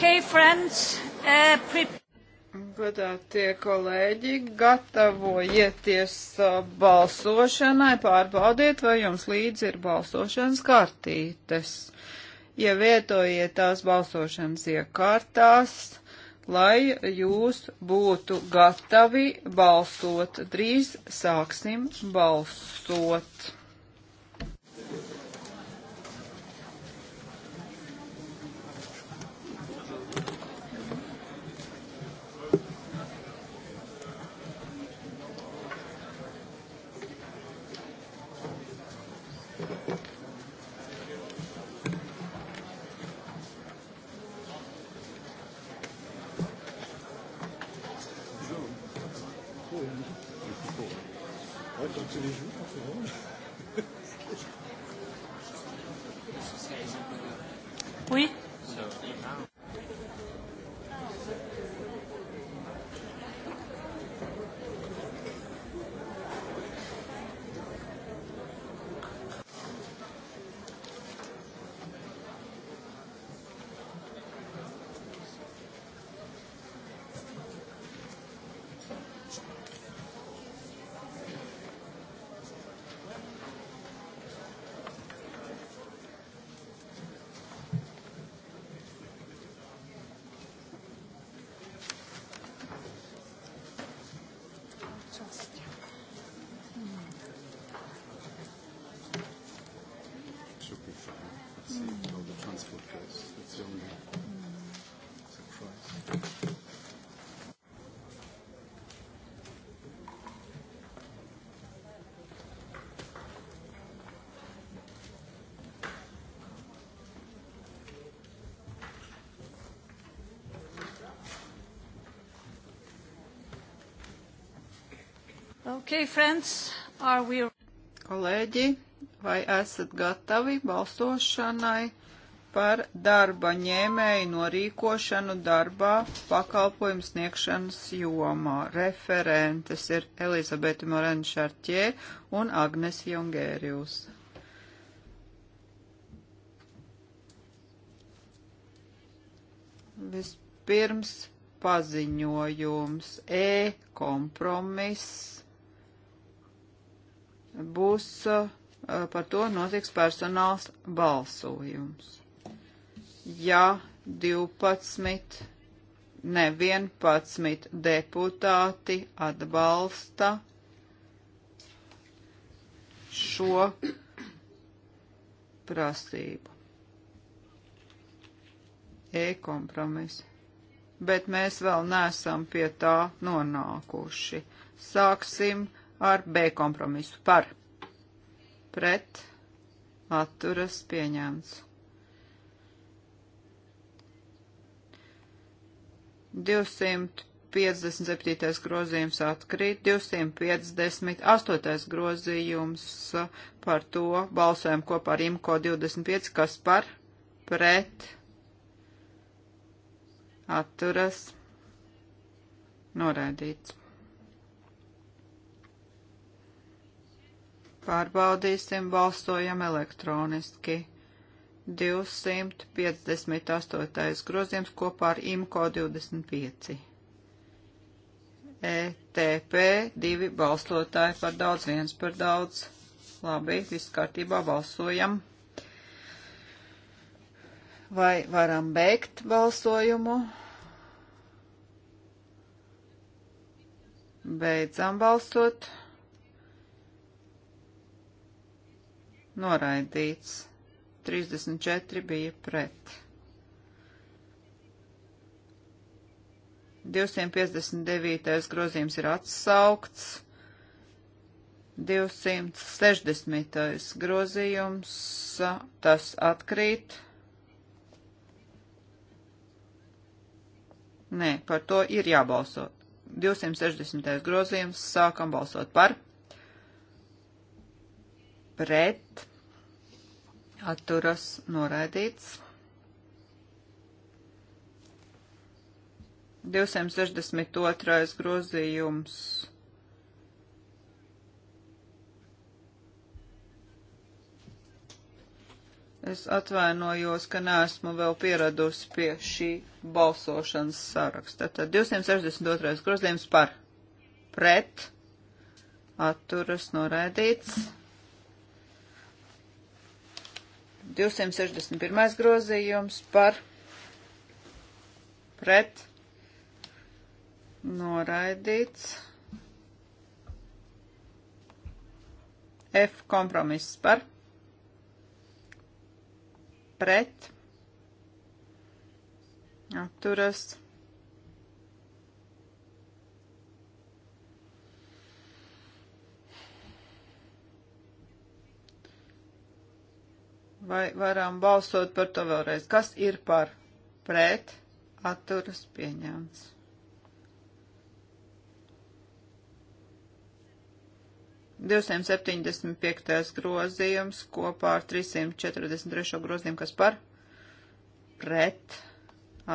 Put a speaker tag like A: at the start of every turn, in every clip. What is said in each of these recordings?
A: Okay, friends, uh, prep... Godātie kolēģi, gatavojieties uh, balsošanai, pārbaudiet, vai jums līdzi ir balsošanas kartītes. Ievietojiet ja tās balsošanas iekārtās, lai jūs būtu gatavi balsot. Drīz sāksim balsot. Okay, friends, are we... Kolēģi, vai esat gatavi balsošanai par darba ņēmēju norīkošanu darbā pakalpojumu sniegšanas jomā? Referentes ir Elizabete Morena Šarķē un Agnes Jongērijus. Vispirms paziņojums E kompromiss būs eh, par to notiks personāls balsojums. Ja 12, ne 11 deputāti atbalsta šo prasību. E-kompromis. Bet mēs vēl neesam pie tā nonākuši. Sāksim ar B kompromisu par pret atturas pieņēmts. 257. grozījums atkrīt, 258. grozījums par to balsojam kopā ar IMCO 25, kas par pret atturas noraidīts. Pārbaudīsim, balsojam elektroniski. 258. grozījums kopā ar IMCO 25. ETP divi balsotāji par daudz, viens par daudz. Labi, viss kārtībā balsojam. Vai varam beigt balsojumu? Beidzam balsot. noraidīts, 34 bija pret. 259. grozījums ir atsaukts, 260. grozījums, tas atkrīt. Nē, par to ir jābalsot. 260. grozījums, sākam balsot par pret, atturas noraidīts. 262. grozījums. Es atvainojos, ka neesmu vēl pieradusi pie šī balsošanas saraksta. Tad 262. grozījums par pret atturas noraidīts. 261. grozījums par pret noraidīts. F kompromiss par pret atturas noraidīts Vai varam balsot par to vēlreiz? Kas ir par pret atturas pieņemts? Divsimt septiņdesmit piektais grozījums kopā ar 343. grozījumu, kas par pret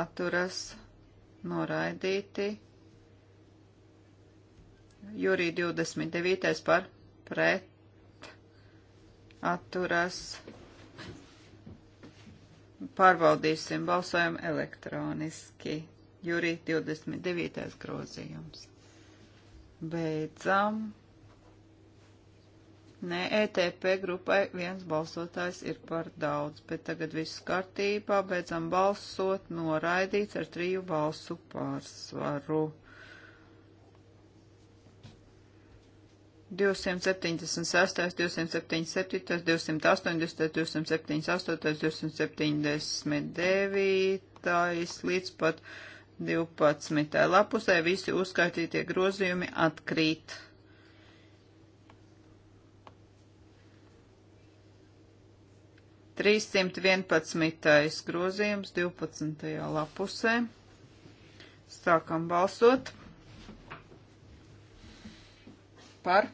A: atturas noraidīti. Jūrī 29. par pret atturas noraidīti Pārbaudīsim balsojumu elektroniski. Jurī 29. grozījums. Beidzam. Nē, ETP grupai viens balsotājs ir par daudz, bet tagad viss kārtībā, beidzam balsot, noraidīts ar triju balsu pārsvaru. 276, 277, 280, 278, 279 līdz pat 12. lapusē visi uzskaitītie grozījumi atkrīt. Trīssimt vienpadsmitais grozījums divpadsmitajā lapusē. Sākam balsot par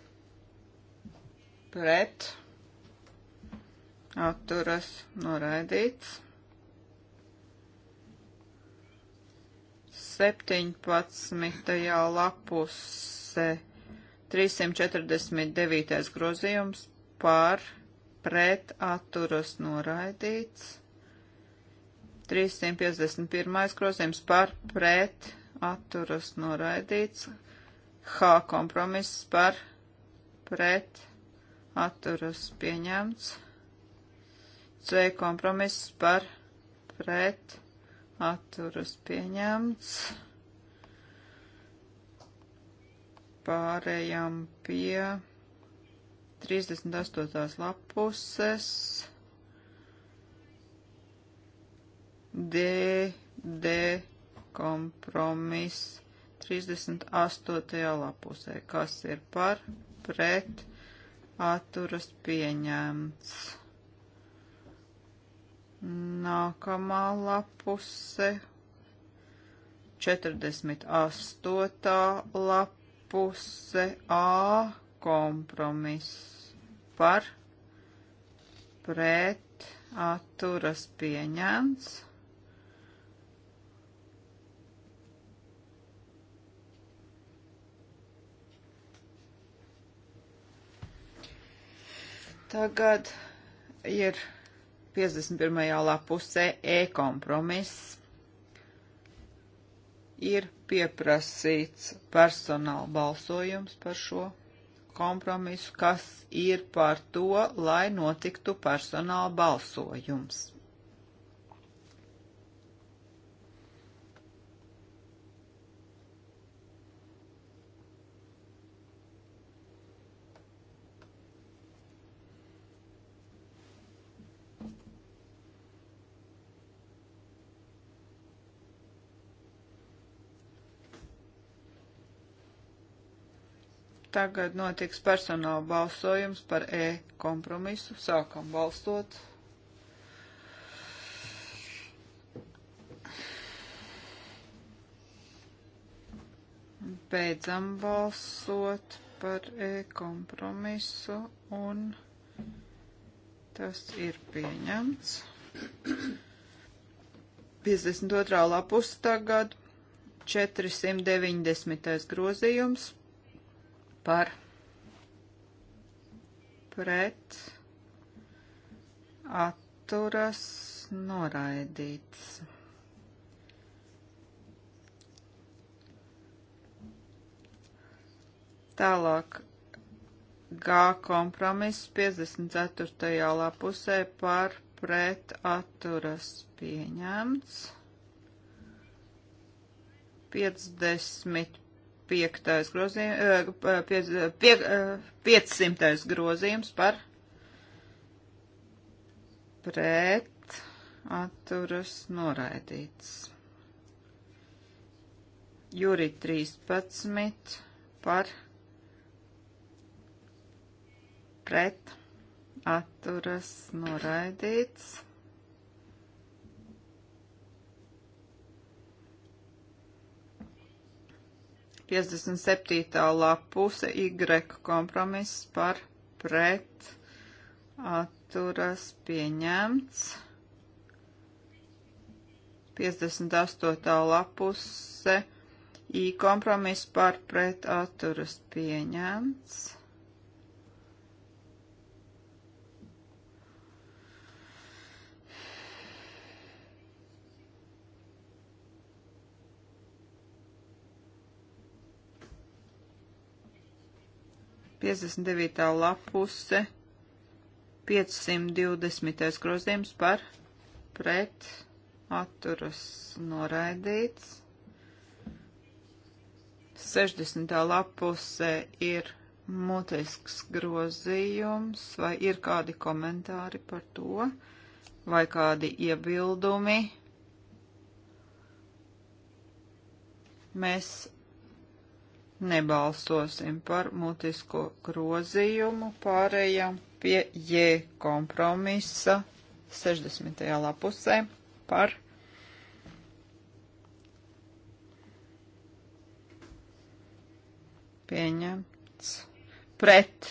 A: pret, atturas noraidīts. 17. lapuse 349. grozījums par pret atturas noraidīts. 351. grozījums par pret atturas noraidīts. H kompromiss par pret atturas pieņemts. C kompromiss par pret atturas pieņemts. Pārējām pie 38. lapuses. D, D kompromiss 38. lapusē, kas ir par pret atturas pieņemts atturas pieņemts. Nākamā lapuse, 48. lapuse, A kompromiss par pret atturas pieņemts. Tagad ir 51. lapusē e-kompromiss. Ir pieprasīts personāla balsojums par šo kompromisu, kas ir par to, lai notiktu personāla balsojums. Tagad notiks personāla balsojums par e-kompromisu. Sākam balstot. Beidzam balsot par e-kompromisu un tas ir pieņemts. 52. lapus tagad 490. grozījums par pret atturas noraidīts. Tālāk G kompromiss 54. lapusē par pret atturas pieņemts. 55. 505. grozījums, 500. Eh, eh, eh, grozījums par pret atturas noraidīts. Juri 13 par pret atturas noraidīts. 57. lapuse Y kompromiss par pret atturas pieņemts. 58. lapuse I kompromiss par pret atturas pieņemts. 59. lapuse 520. grozījums par pret atturas noraidīts. 60. lapuse ir mutisks grozījums, vai ir kādi komentāri par to, vai kādi iebildumi. Mēs nebalsosim par mutisko grozījumu, pārējām pie J kompromisa 60. lapusē par pieņemts pret,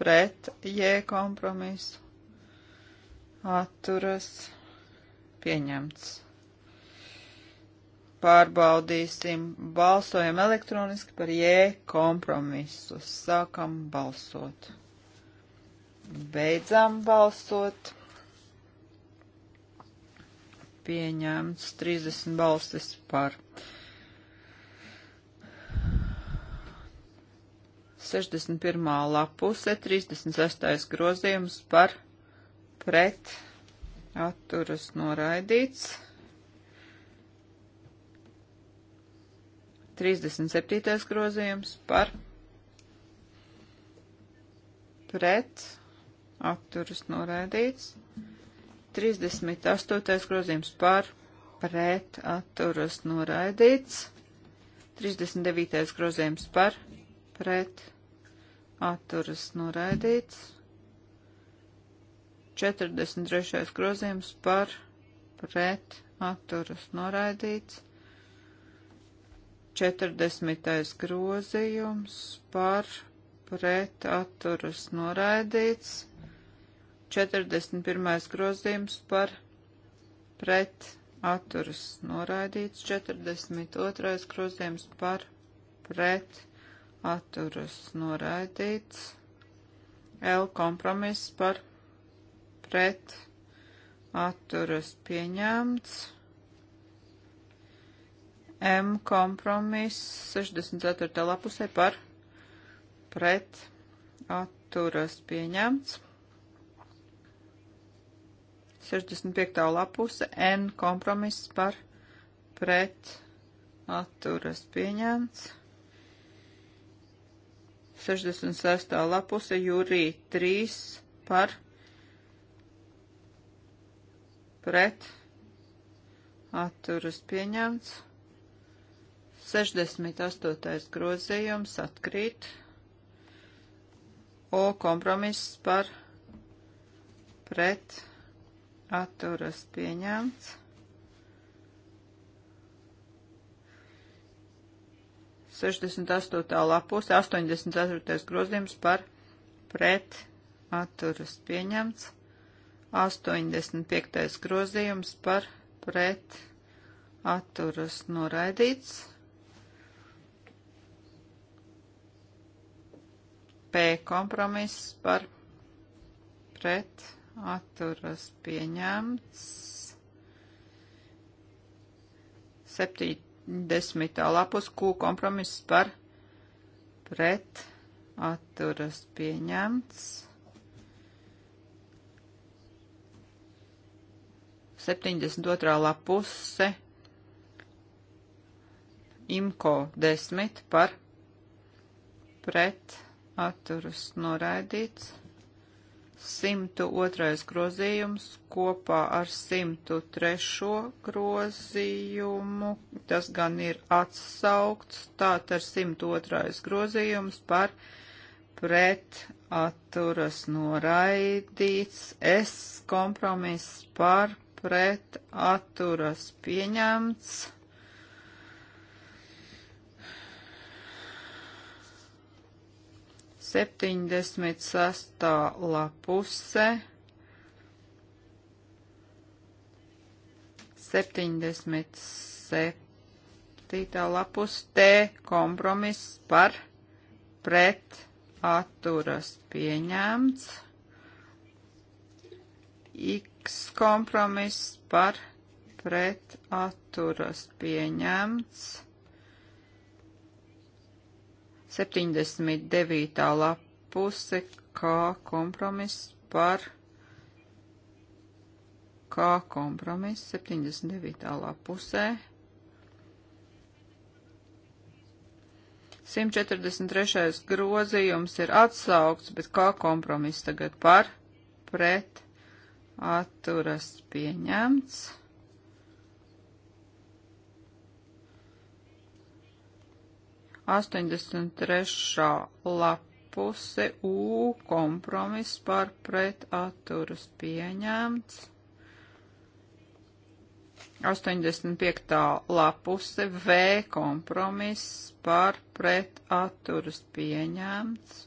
A: pret J kompromisu atturas pieņemts pārbaudīsim. Balsojam elektroniski par J kompromisu. Sākam balsot. Beidzam balsot. Pieņemts 30 balstis par. 61. lapuse 36. grozījums par pret atturas noraidīts. 37. grozījums par pret atturas noraidīts. 38. grozījums par pret atturas noraidīts. 39. grozījums par pret atturas noraidīts. 43. grozījums par pret atturas noraidīts. 40. grozījums par pret atturas noraidīts, 41. grozījums par pret atturas noraidīts, 42. grozījums par pret atturas noraidīts, L kompromiss par pret atturas pieņemts. M kompromiss 64. lapusē par pret atturas pieņemts. 65. lapuse N kompromiss par pret atturas pieņemts. 66. lapuse Jurī 3 par pret atturas pieņemts. 68. grozījums atkrīt. O kompromiss par pret atturas pieņemts. Sešdesmit astotā lapuse, astoņdesmit ceturtais grozījums par pret atturas pieņemts. 85. grozījums par pret atturas noraidīts. P kompromiss par pret atturas pieņemts. 70. lapus Q kompromiss par pret atturas pieņemts. 72. lapuse IMCO 10 par pret atturas pieņemts atturas noraidīts. 102. grozījums kopā ar 103. grozījumu, tas gan ir atsaukts, tāt ar 102. grozījums par pret atturas noraidīts, es kompromiss par pret atturas pieņemts. 76. lapuse. 77. lapus T kompromiss par pret atturas pieņemts. X kompromiss par pret atturas pieņemts. 79. lapuse kā kompromiss par kā kompromiss 79. lapusē. 143. grozījums ir atsaukts, bet kā kompromiss tagad par pret atturas pieņemts. 83. lapuse U kompromiss par pret atturas pieņemts. 85. lapuse V kompromiss par pret atturas pieņemts.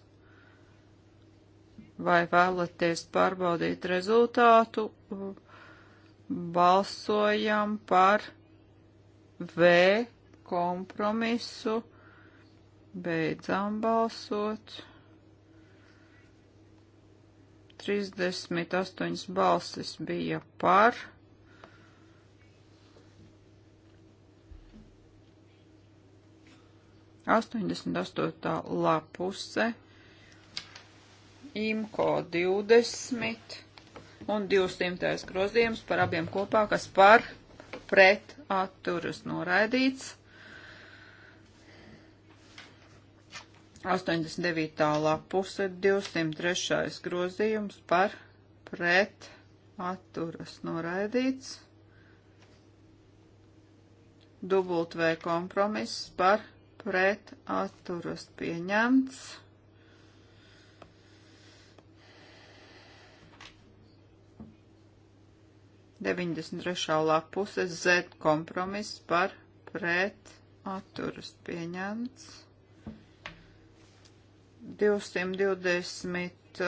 A: Vai vēlaties pārbaudīt rezultātu? Balsojam par V kompromisu Beidzām balsot. 38 balsis bija par. Astoņdesmit astotā lapuse, imko divdesmit un 200. grozījums par abiem kopā, kas par pret atturas noraidīts. 89. lapuse 203. grozījums par pret atturas noraidīts. Dubultvē kompromiss par pret atturas pieņemts. Deviņdesmit trešā lapuse Z kompromiss par pret atturas pieņemts. 224.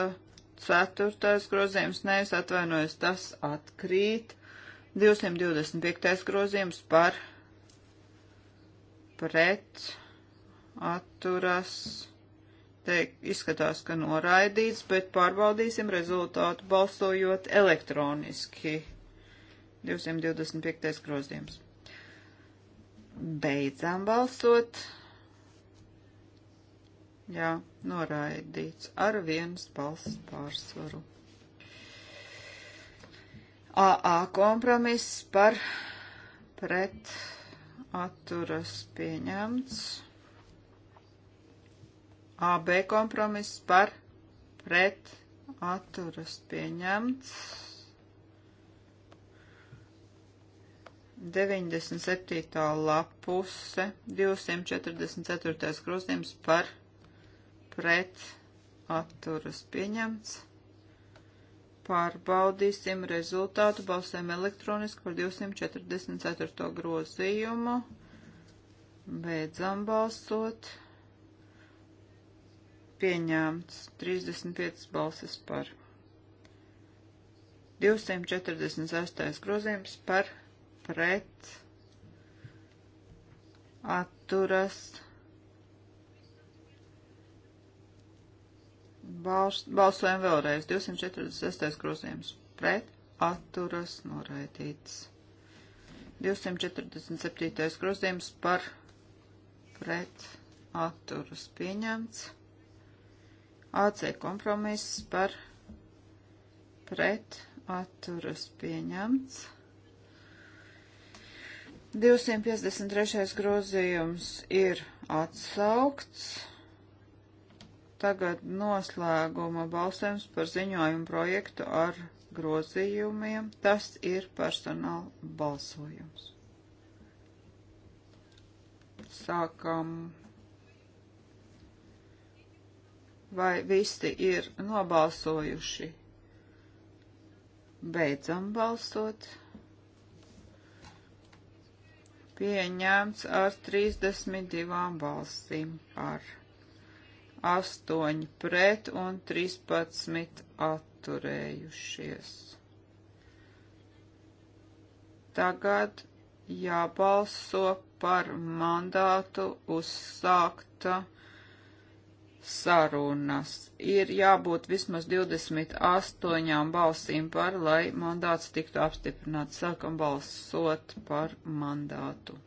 A: Eh, grozījums, nevis atvainojas, tas atkrīt. 225. grozījums par pret atturas. Teik, izskatās, ka noraidīts, bet pārbaudīsim rezultātu balsojot elektroniski. 225. grozījums. Beidzām balsot. Jā, noraidīts ar vienas balss pārsvaru. AA kompromiss par pret atturas pieņemts. AB kompromiss par pret atturas pieņemts. 97. lapuse 244. grozījums par pret pret atturas pieņemts. Pārbaudīsim rezultātu. Balsēm elektroniski par 244. grozījumu. Beidzam balsot. Pieņēmts 35 balsis par. 248. grozījums par pret atturas pieņemts Balst, balsojam vēlreiz. 246. grozījums pret atturas noraidīts. 247. grozījums par pret atturas pieņemts. AC kompromiss par pret atturas pieņemts. 253. grozījums ir atsaukts tagad noslēguma balsojums par ziņojumu projektu ar grozījumiem. Tas ir personāla balsojums. Sākam. Vai visi ir nobalsojuši? Beidzam balsot pieņemts ar 32 balsīm par. 8 pret un 13 atturējušies. Tagad jābalso par mandātu uzsākta sarunas. Ir jābūt vismaz 28 balsīm par, lai mandāts tiktu apstiprināts. Sākam balsot par mandātu.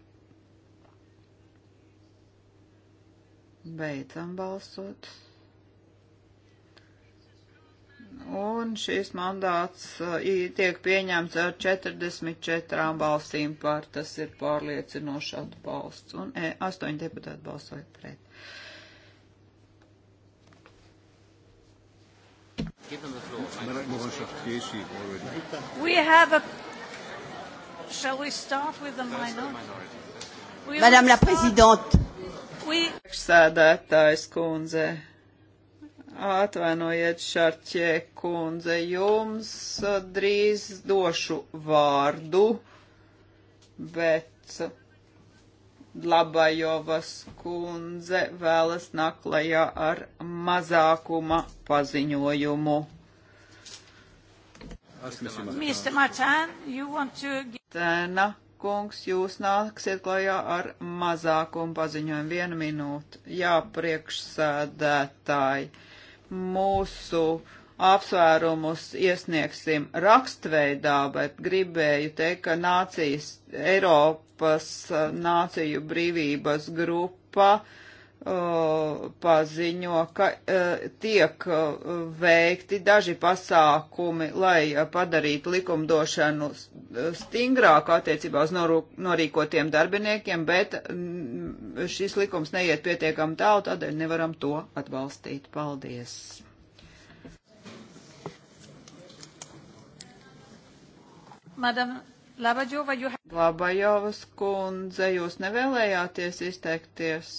A: Beidzam balsot. Un šis mandāts uh, tiek pieņemts ar 44 balsīm par, tas ir pārliecinoši atbalsts, un 8 e, deputāti balsoja pret. We have a... Shall we start with the minority? Madame la Présidente, we... Priekšsēdētājs kundze, atvainojiet Šarķē kundze, jums uh, drīz došu vārdu, bet uh, Labajovas kundze vēlas naklajā ar mazākuma paziņojumu. Mr. Martin, you want to... Tēna kungs, jūs nāksiet klajā ar mazākumu paziņojumu. Vienu minūtu. Jā, priekšsēdētāji, mūsu apsvērumus iesniegsim rakstveidā, bet gribēju teikt, ka nācijas, Eiropas nāciju brīvības grupa Uh, paziņo, ka uh, tiek uh, veikti daži pasākumi, lai padarītu likumdošanu stingrāku attiecībā uz norīkotiem darbiniekiem, bet mm, šis likums neiet pietiekami tālu, tādēļ nevaram to atbalstīt. Paldies! Madam Labajova, you... Labajovas kundze, jūs nevēlējāties izteikties?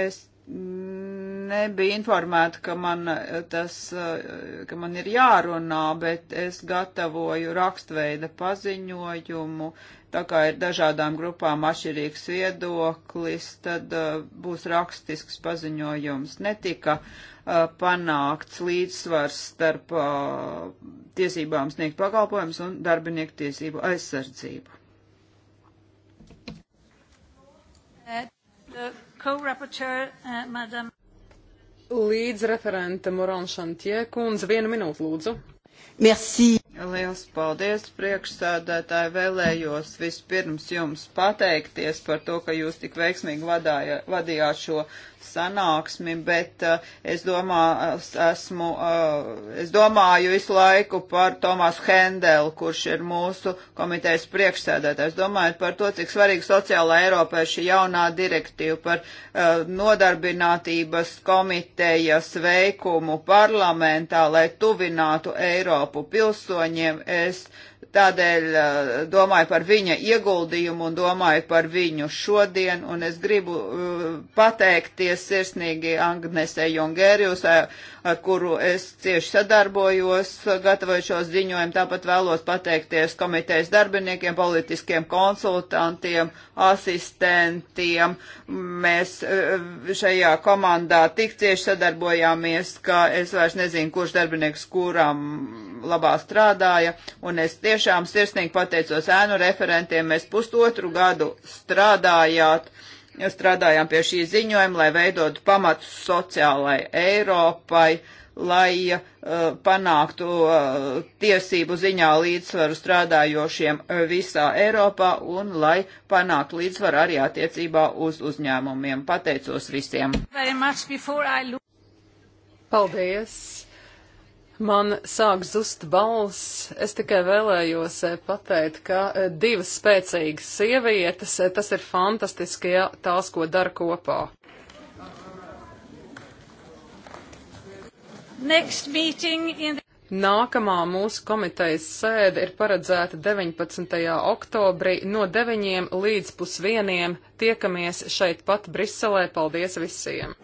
A: Es nebija informēta, ka man tas, ka man ir jārunā, bet es gatavoju rakstveida paziņojumu, tā kā ir dažādām grupām atšķirīgs viedoklis, tad uh, būs rakstisks paziņojums. Netika uh, panākts līdzsvars starp uh, tiesībām sniegt pakalpojumus un darbinieku tiesību aizsardzību. Uh, co-rapporteur, uh, madam. Līdz referente Moran Šantie, kundze, vienu minūtu lūdzu. Merci. Liels paldies, priekšsēdētāji. Vēlējos vispirms jums pateikties par to, ka jūs tik veiksmīgi vadāja, vadījāt šo sanāksmi, bet uh, es, domā, es, esmu, uh, es domāju visu laiku par Tomasu Hendelu, kurš ir mūsu komitejas priekšsēdētājs. Domājot par to, cik svarīga sociālā Eiropā ir šī jaunā direktīva par uh, nodarbinātības komitejas veikumu parlamentā, lai tuvinātu Eiropu pilsoņu pilsoņiem. Es tādēļ domāju par viņa ieguldījumu un domāju par viņu šodien, un es gribu pateikties sirsnīgi Agnesei Jongērijusai ar kuru es cieši sadarbojos, gatavoju šo ziņojumu. Tāpat vēlos pateikties komitejas darbiniekiem, politiskiem konsultantiem, asistentiem. Mēs e, šajā komandā tik cieši sadarbojāmies, ka es vairs nezinu, kurš darbinieks kuram labā strādāja. Un es tiešām sirsnīgi pateicos ēnu referentiem. Mēs pusotru gadu strādājāt strādājām pie šī ziņojuma, lai veidotu pamatu sociālai Eiropai, lai uh, panāktu uh, tiesību ziņā līdzsvaru strādājošiem uh, visā Eiropā un lai panāktu līdzsvaru arī attiecībā uz uzņēmumiem. Pateicos visiem! Paldies! Man sāk zust balss. Es tikai vēlējos eh, pateikt, ka eh, divas spēcīgas sievietes, eh, tas ir fantastiski, ja tās, ko dara kopā. In... Nākamā mūsu komitejas sēde ir paredzēta 19. oktobrī no 9 līdz pusvieniem. Tiekamies šeit pat Briselē. Paldies visiem!